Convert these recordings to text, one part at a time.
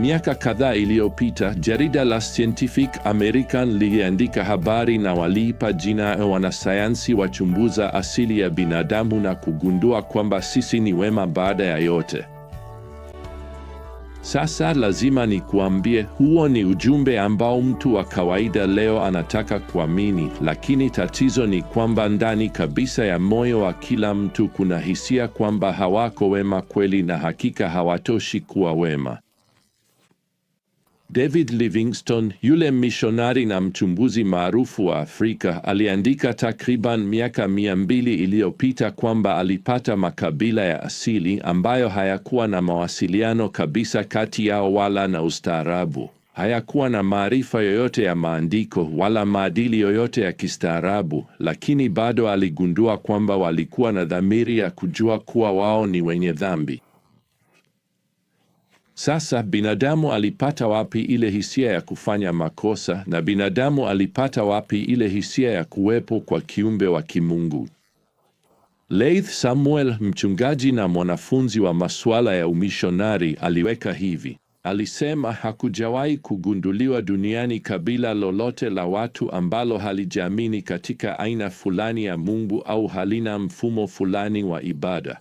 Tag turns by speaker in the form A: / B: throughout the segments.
A: Miaka kadhaa iliyopita jarida la Scientific American liliandika habari na waliipa jina wanasayansi wachunguza asili ya binadamu na kugundua kwamba sisi ni wema baada ya yote. Sasa lazima nikuambie, huo ni ujumbe ambao mtu wa kawaida leo anataka kuamini, lakini tatizo ni kwamba ndani kabisa ya moyo wa kila mtu kuna hisia kwamba hawako wema kweli na hakika hawatoshi kuwa wema. David Livingstone, yule mishonari na mchumbuzi maarufu wa Afrika, aliandika takriban miaka mia mbili iliyopita kwamba alipata makabila ya asili ambayo hayakuwa na mawasiliano kabisa kati yao wala na ustaarabu. Hayakuwa na maarifa yoyote ya maandiko wala maadili yoyote ya kistaarabu, lakini bado aligundua kwamba walikuwa na dhamiri ya kujua kuwa wao ni wenye dhambi. Sasa binadamu alipata wapi ile hisia ya kufanya makosa na binadamu alipata wapi ile hisia ya kuwepo kwa kiumbe wa kimungu? Leith Samuel, mchungaji na mwanafunzi wa masuala ya umishonari, aliweka hivi. Alisema hakujawahi kugunduliwa duniani kabila lolote la watu ambalo halijaamini katika aina fulani ya Mungu au halina mfumo fulani wa ibada.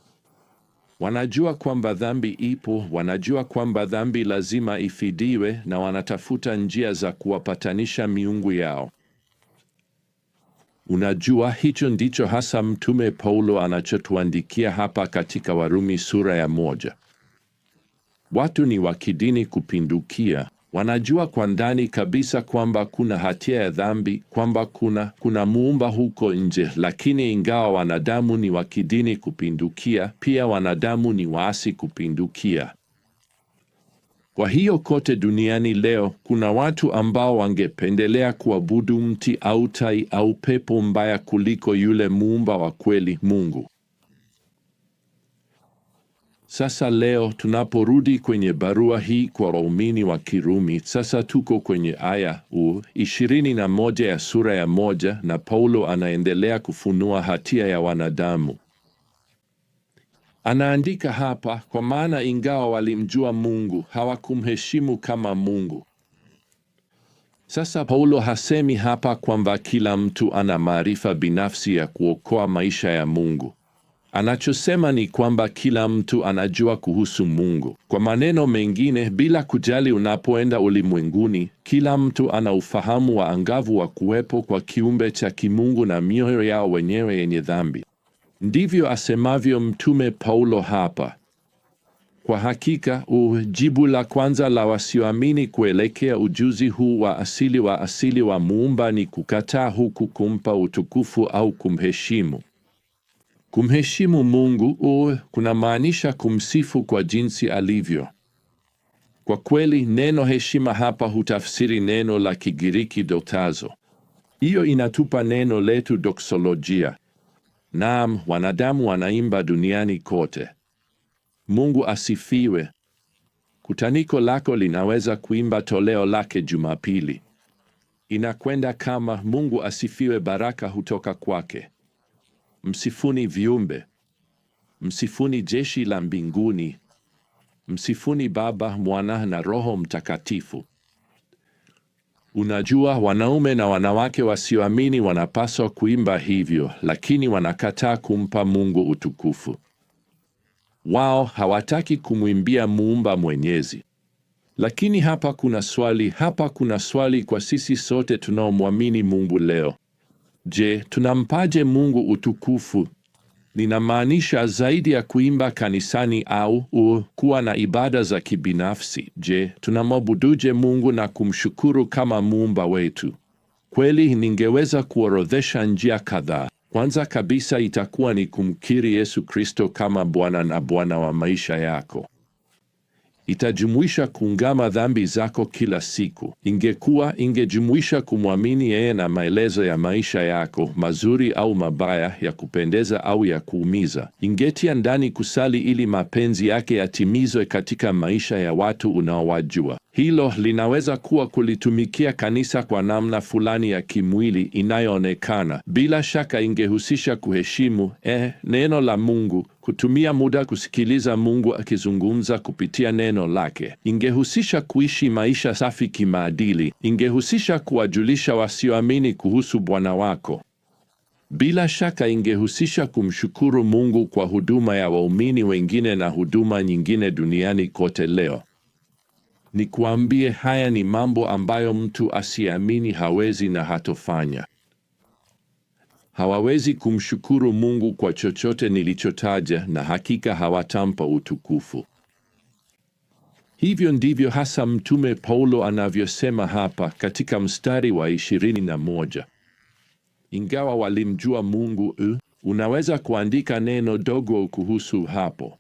A: Wanajua kwamba dhambi ipo, wanajua kwamba dhambi lazima ifidiwe, na wanatafuta njia za kuwapatanisha miungu yao. Unajua, hicho ndicho hasa Mtume Paulo anachotuandikia hapa katika Warumi sura ya moja. Watu ni wa kidini kupindukia. Wanajua kwa ndani kabisa kwamba kuna hatia ya dhambi, kwamba kuna kuna muumba huko nje, lakini ingawa wanadamu ni wa kidini kupindukia, pia wanadamu ni waasi kupindukia. Kwa hiyo kote duniani leo kuna watu ambao wangependelea kuabudu mti au tai au pepo mbaya kuliko yule muumba wa kweli Mungu. Sasa leo tunaporudi kwenye barua hii kwa waumini wa Kirumi, sasa tuko kwenye aya u ishirini na moja ya sura ya moja, na Paulo anaendelea kufunua hatia ya wanadamu. Anaandika hapa, kwa maana ingawa walimjua Mungu hawakumheshimu kama Mungu. Sasa Paulo hasemi hapa kwamba kila mtu ana maarifa binafsi ya kuokoa maisha ya Mungu. Anachosema ni kwamba kila mtu anajua kuhusu Mungu. Kwa maneno mengine, bila kujali unapoenda ulimwenguni, kila mtu ana ufahamu wa angavu wa kuwepo kwa kiumbe cha kimungu na mioyo yao wenyewe yenye dhambi. Ndivyo asemavyo Mtume Paulo hapa. Kwa hakika, jibu la kwanza la wasioamini kuelekea ujuzi huu wa asili wa asili wa Muumba ni kukataa huku kumpa utukufu au kumheshimu. Kumheshimu Mungu uwe kunamaanisha kumsifu kwa jinsi alivyo. Kwa kweli neno heshima hapa hutafsiri neno la Kigiriki dotazo. Hiyo inatupa neno letu doksolojia. Naam, wanadamu wanaimba duniani kote, Mungu asifiwe. Kutaniko lako linaweza kuimba toleo lake Jumapili. Inakwenda kama Mungu asifiwe, baraka hutoka kwake msifuni viumbe, msifuni jeshi la mbinguni, msifuni Baba, Mwana na Roho Mtakatifu. Unajua, wanaume na wanawake wasioamini wanapaswa kuimba hivyo, lakini wanakataa kumpa Mungu utukufu. Wao hawataki kumwimbia muumba mwenyezi. Lakini hapa kuna swali, hapa kuna swali kwa sisi sote tunaomwamini Mungu leo. Je, tunampaje Mungu utukufu? ninamaanisha zaidi ya kuimba kanisani au u kuwa na ibada za kibinafsi. Je, tunamwabuduje Mungu na kumshukuru kama muumba wetu? Kweli ningeweza kuorodhesha njia kadhaa. Kwanza kabisa itakuwa ni kumkiri Yesu Kristo kama Bwana na Bwana wa maisha yako itajumuisha kuungama dhambi zako kila siku. Ingekuwa ingejumuisha kumwamini yeye na maelezo ya maisha yako mazuri au mabaya, ya kupendeza au ya kuumiza. Ingetia ndani kusali ili mapenzi yake yatimizwe katika maisha ya watu unaowajua. Hilo linaweza kuwa kulitumikia kanisa kwa namna fulani ya kimwili inayoonekana. Bila shaka ingehusisha kuheshimu eh, neno la Mungu Kutumia muda kusikiliza Mungu akizungumza kupitia neno lake ingehusisha kuishi maisha safi kimaadili, ingehusisha kuwajulisha wasioamini kuhusu Bwana wako. Bila shaka ingehusisha kumshukuru Mungu kwa huduma ya waumini wengine na huduma nyingine duniani kote leo. Nikuambie, haya ni mambo ambayo mtu asiamini hawezi na hatofanya. Hawawezi kumshukuru Mungu kwa chochote nilichotaja, na hakika hawatampa utukufu. Hivyo ndivyo hasa Mtume Paulo anavyosema hapa katika mstari wa ishirini na moja. Ingawa walimjua Mungu, eh, unaweza kuandika neno dogo kuhusu hapo.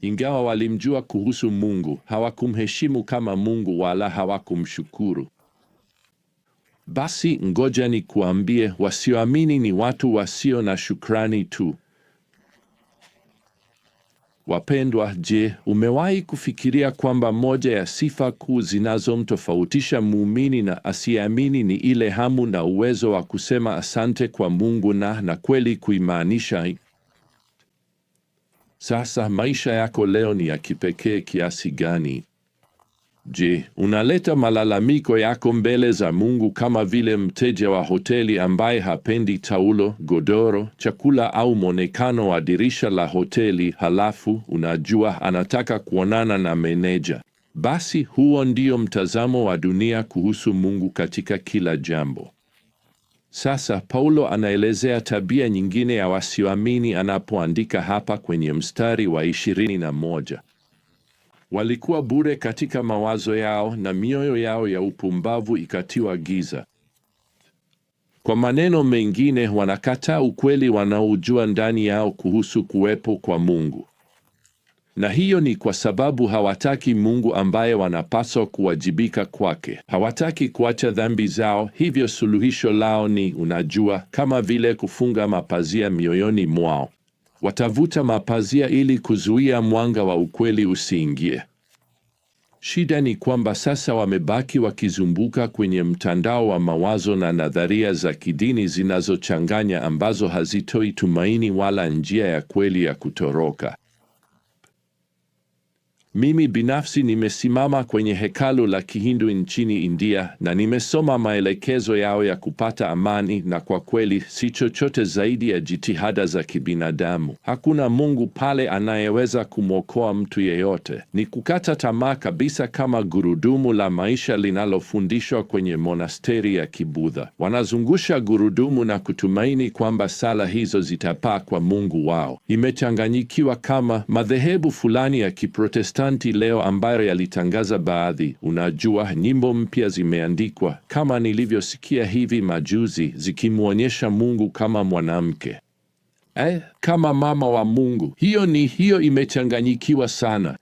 A: Ingawa walimjua kuhusu Mungu, hawakumheshimu kama Mungu wala hawakumshukuru. Basi ngoja ni kuambie wasioamini ni watu wasio na shukrani tu. Wapendwa, je, umewahi kufikiria kwamba moja ya sifa kuu zinazomtofautisha muumini na asiyeamini ni ile hamu na uwezo wa kusema asante kwa Mungu na na kweli kuimaanisha? Sasa maisha yako leo ni ya kipekee kiasi gani? Je, unaleta malalamiko yako mbele za Mungu kama vile mteja wa hoteli ambaye hapendi taulo, godoro, chakula au mwonekano wa dirisha la hoteli, halafu unajua anataka kuonana na meneja. Basi huo ndio mtazamo wa dunia kuhusu Mungu katika kila jambo. Sasa Paulo anaelezea tabia nyingine ya wasioamini anapoandika hapa kwenye mstari wa ishirini na moja. Walikuwa bure katika mawazo yao, na mioyo yao ya upumbavu ikatiwa giza. Kwa maneno mengine, wanakataa ukweli wanaojua ndani yao kuhusu kuwepo kwa Mungu, na hiyo ni kwa sababu hawataki Mungu ambaye wanapaswa kuwajibika kwake. Hawataki kuacha dhambi zao, hivyo suluhisho lao ni, unajua, kama vile kufunga mapazia mioyoni mwao. Watavuta mapazia ili kuzuia mwanga wa ukweli usiingie. Shida ni kwamba sasa wamebaki wakizumbuka kwenye mtandao wa mawazo na nadharia za kidini zinazochanganya ambazo hazitoi tumaini wala njia ya kweli ya kutoroka. Mimi binafsi nimesimama kwenye hekalu la Kihindu nchini India na nimesoma maelekezo yao ya kupata amani, na kwa kweli si chochote zaidi ya jitihada za kibinadamu. Hakuna Mungu pale anayeweza kumwokoa mtu yeyote. Ni kukata tamaa kabisa, kama gurudumu la maisha linalofundishwa kwenye monasteri ya Kibudha. Wanazungusha gurudumu na kutumaini kwamba sala hizo zitapaa kwa Mungu wao. Imechanganyikiwa kama madhehebu fulani ya Kiprotestanti Protestanti leo ambayo yalitangaza baadhi, unajua, nyimbo mpya zimeandikwa, kama nilivyosikia hivi majuzi, zikimwonyesha Mungu kama mwanamke eh, kama mama wa Mungu. Hiyo ni hiyo, imechanganyikiwa sana.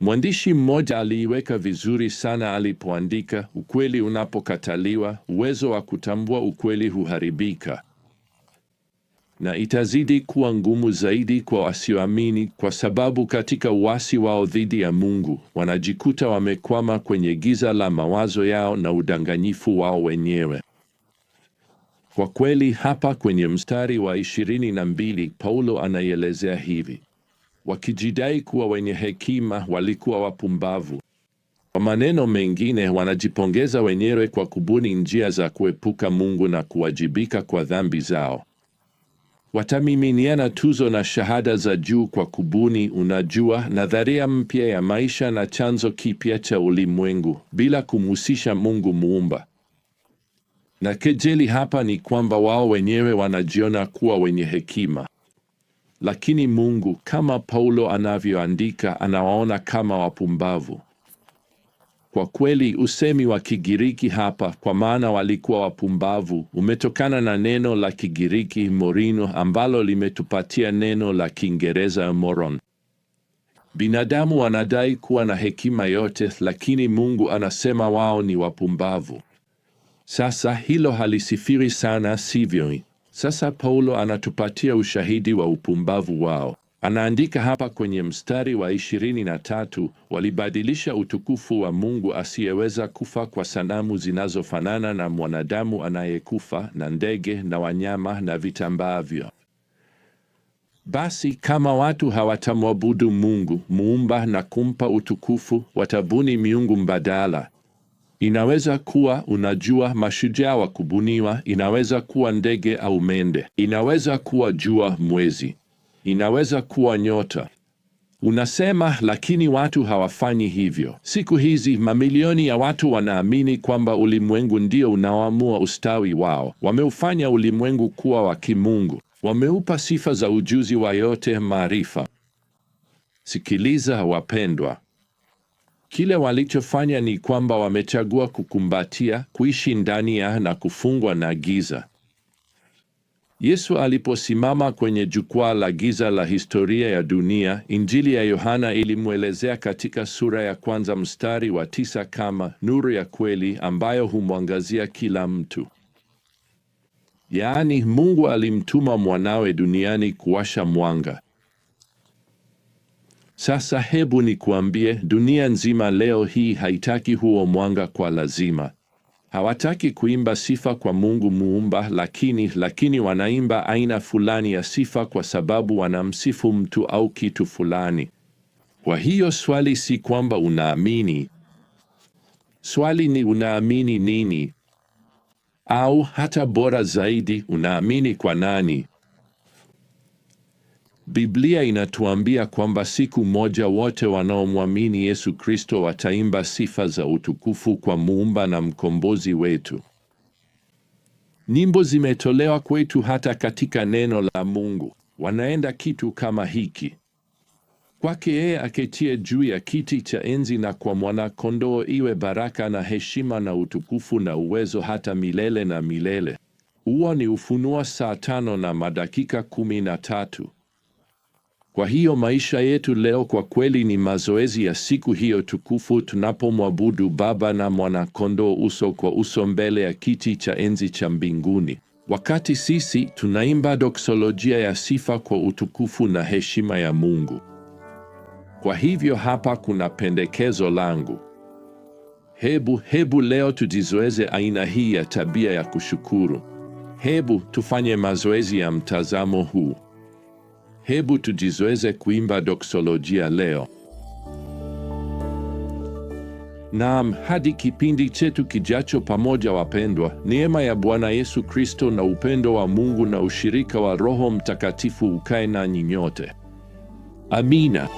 A: Mwandishi mmoja aliiweka vizuri sana alipoandika, ukweli unapokataliwa, uwezo wa kutambua ukweli huharibika na itazidi kuwa ngumu zaidi kwa wasioamini, kwa sababu katika uasi wao dhidi ya Mungu wanajikuta wamekwama kwenye giza la mawazo yao na udanganyifu wao wenyewe. Kwa kweli, hapa kwenye mstari wa ishirini na mbili Paulo anaielezea hivi: wakijidai kuwa wenye hekima walikuwa wapumbavu. Kwa maneno mengine, wanajipongeza wenyewe kwa kubuni njia za kuepuka Mungu na kuwajibika kwa dhambi zao. Watamiminiana tuzo na shahada za juu kwa kubuni, unajua, nadharia mpya ya maisha na chanzo kipya cha ulimwengu bila kumhusisha Mungu muumba. Na kejeli hapa ni kwamba wao wenyewe wanajiona kuwa wenye hekima, lakini Mungu, kama Paulo anavyoandika, anawaona kama wapumbavu. Kwa kweli usemi wa Kigiriki hapa, kwa maana walikuwa wapumbavu, umetokana na neno la Kigiriki morino ambalo limetupatia neno la Kiingereza moron. Binadamu wanadai kuwa na hekima yote, lakini Mungu anasema wao ni wapumbavu. Sasa hilo halisifiri sana, sivyo? Sasa Paulo anatupatia ushahidi wa upumbavu wao. Anaandika hapa kwenye mstari wa ishirini na tatu, walibadilisha utukufu wa Mungu asiyeweza kufa kwa sanamu zinazofanana na mwanadamu anayekufa na ndege na wanyama na vitambaavyo. Basi kama watu hawatamwabudu Mungu muumba na kumpa utukufu, watabuni miungu mbadala. Inaweza kuwa unajua, mashujaa wa kubuniwa. Inaweza kuwa ndege au mende. Inaweza kuwa jua, mwezi inaweza kuwa nyota. Unasema, lakini watu hawafanyi hivyo. Siku hizi mamilioni ya watu wanaamini kwamba ulimwengu ndio unaoamua ustawi wao. Wameufanya ulimwengu kuwa wa kimungu, wameupa sifa za ujuzi wa yote, maarifa. Sikiliza wapendwa, kile walichofanya ni kwamba wamechagua kukumbatia, kuishi ndani ya na kufungwa na giza. Yesu aliposimama kwenye jukwaa la giza la historia ya dunia, Injili ya Yohana ilimwelezea katika sura ya kwanza mstari wa tisa kama nuru ya kweli ambayo humwangazia kila mtu. Yaani, Mungu alimtuma mwanawe duniani kuwasha mwanga. Sasa hebu nikuambie, dunia nzima leo hii haitaki huo mwanga kwa lazima. Hawataki kuimba sifa kwa Mungu muumba, lakini lakini wanaimba aina fulani ya sifa kwa sababu wanamsifu mtu au kitu fulani. Kwa hiyo swali si kwamba unaamini, swali ni unaamini nini, au hata bora zaidi, unaamini kwa nani? Biblia inatuambia kwamba siku moja wote wanaomwamini Yesu Kristo wataimba sifa za utukufu kwa muumba na mkombozi wetu. Nyimbo zimetolewa kwetu hata katika neno la Mungu. Wanaenda kitu kama hiki: Kwake yeye aketie juu ya kiti cha enzi na kwa mwana-kondoo iwe baraka na heshima na utukufu na uwezo hata milele na milele. Huo ni Ufunuo saa tano na madakika kumi na tatu. Kwa hiyo maisha yetu leo kwa kweli ni mazoezi ya siku hiyo tukufu tunapomwabudu Baba na Mwana-Kondoo uso kwa uso mbele ya kiti cha enzi cha mbinguni, wakati sisi tunaimba doksolojia ya sifa kwa utukufu na heshima ya Mungu. Kwa hivyo hapa kuna pendekezo langu. Hebu hebu leo tujizoeze aina hii ya tabia ya kushukuru. Hebu tufanye mazoezi ya mtazamo huu. Hebu tujizoeze kuimba doksolojia leo. Naam, hadi kipindi chetu kijacho pamoja, wapendwa, neema ya Bwana Yesu Kristo na upendo wa Mungu na ushirika wa Roho Mtakatifu ukae nanyi nyote. Amina.